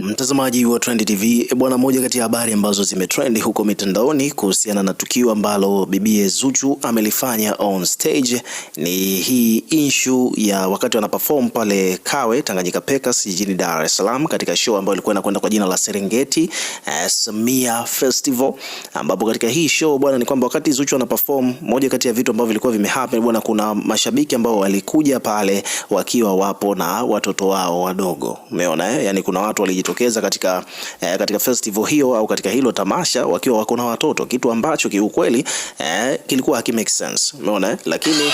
Mtazamaji wa Trend TV, e bwana, moja kati ya habari ambazo zimetrend huko mitandaoni kuhusiana na tukio ambalo bibie Zuchu amelifanya on stage ni hii issue ya wakati wanaperform pale Kawe Tanganyika Packers jijini Dar es Salaam katika show ambayo ilikuwa inakwenda kwa jina la Serengeti eh, Samia Festival, ambapo katika hii show bwana, ni kwamba wakati Zuchu anaperform, moja kati ya vitu ambavyo vilikuwa vimehappen bwana, kuna mashabiki ambao walikuja pale wakiwa wapo na watoto wao wadogo, umeona eh? Yani kuna watu wali kujitokeza katika, eh, katika festival hiyo au katika hilo tamasha wakiwa wako na watoto, kitu ambacho kiukweli eh, kilikuwa hakimake sense, umeona, lakini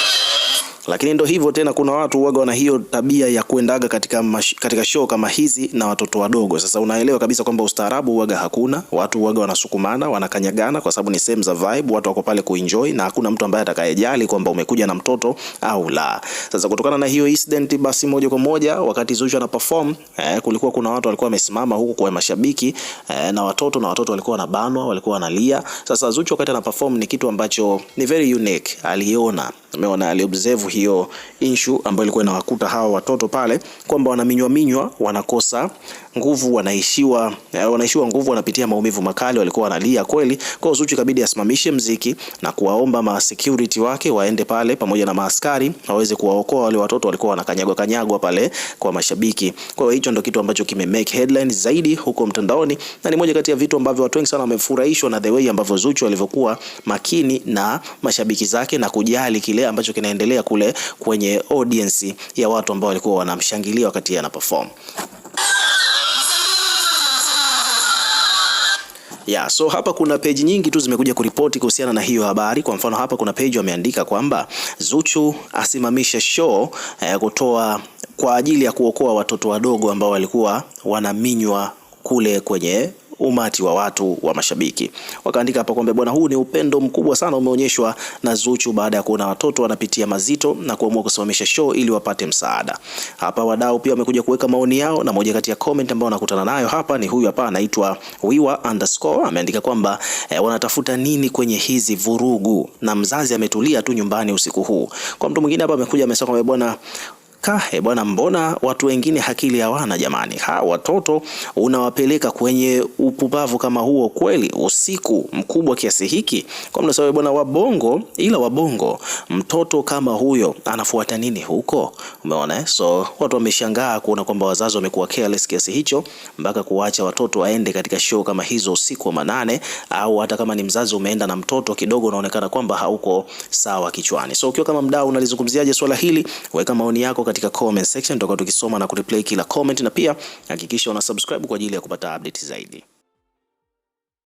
lakini ndo hivyo tena, kuna watu huaga wana hiyo tabia ya kuendaga katika, mash, katika show kama hizi na watoto wadogo. Sasa unaelewa kabisa kwamba ustaarabu huaga hakuna, watu huaga wanasukumana, wanakanyagana kwa sababu ni sehemu za vibe, watu wako pale kuenjoy na hakuna mtu ambaye atakayejali kwamba umekuja na mtoto au la. Sasa kutokana na hiyo incident, basi moja kwa moja wakati Zuchu ana perform eh, kulikuwa kuna watu walikuwa wamesimama huku kwa mashabiki eh, na watoto na watoto walikuwa wanabanwa, walikuwa wanalia. Sasa Zuchu wakati ana perform ni kitu ambacho ni very unique, aliona umeona, aliobserve hiyo inshu ambayo ilikuwa inawakuta hawa watoto pale kwamba wanaminywa minywa, wanakosa nguvu, wanaishiwa eh, wanaishiwa nguvu, wanapitia maumivu makali, walikuwa wanalia kweli. Kwa hiyo Zuchu ikabidi asimamishe mziki na kuwaomba ma security wake waende pale pamoja na maaskari waweze kuwaokoa wale watoto walikuwa wanakanyagwa kanyagwa pale kwa mashabiki. Kwa hiyo hicho ndio kitu ambacho kime make headlines zaidi huko mtandaoni na ni moja kati ya vitu ambavyo watu wengi sana wamefurahishwa na the way ambavyo Zuchu alivyokuwa makini na mashabiki zake na kujali kile ambacho kinaendelea kule kule kwenye audience ya watu ambao walikuwa wanamshangilia wakati yeye anaperform. Yeah, so hapa kuna page nyingi tu zimekuja kuripoti kuhusiana na hiyo habari. Kwa mfano hapa kuna page wameandika kwamba Zuchu asimamisha show eh, kutoa kwa ajili ya kuokoa watoto wadogo ambao walikuwa wanaminywa kule kwenye umati wa watu wa mashabiki. Wakaandika hapa kwamba bwana, huu ni upendo mkubwa sana umeonyeshwa na Zuchu baada ya kuona watoto wanapitia mazito na kuamua kusimamisha show ili wapate msaada. Hapa wadau pia wamekuja kuweka maoni yao, na moja kati ya comment ambayo nakutana nayo hapa ni huyu hapa, anaitwa Wiwa underscore ameandika kwamba eh, wanatafuta nini kwenye hizi vurugu, na mzazi ametulia tu nyumbani usiku huu. Kwa mtu mwingine hapa amekuja amesema kwamba bwana kahe bwana, mbona watu wengine akili hawana jamani? Ha, watoto unawapeleka kwenye upumbavu kama huo kweli, usiku mkubwa kiasi hiki? Kwa mna sababu bwana, wabongo ila wabongo, mtoto kama huyo anafuata nini huko? Umeona, eh? so watu wameshangaa kuona kwamba wazazi wamekuwa careless kiasi hicho mpaka kuwacha watoto waende katika show kama hizo usiku wa manane, au hata kama ni mzazi umeenda na mtoto kidogo, unaonekana kwamba hauko sawa kichwani. So ukiwa kama mdau, unalizungumziaje swala hili? Weka maoni yako katika katika comment section, tutakuwa tukisoma na kureplay kila comment, na pia hakikisha una subscribe kwa ajili ya kupata update zaidi.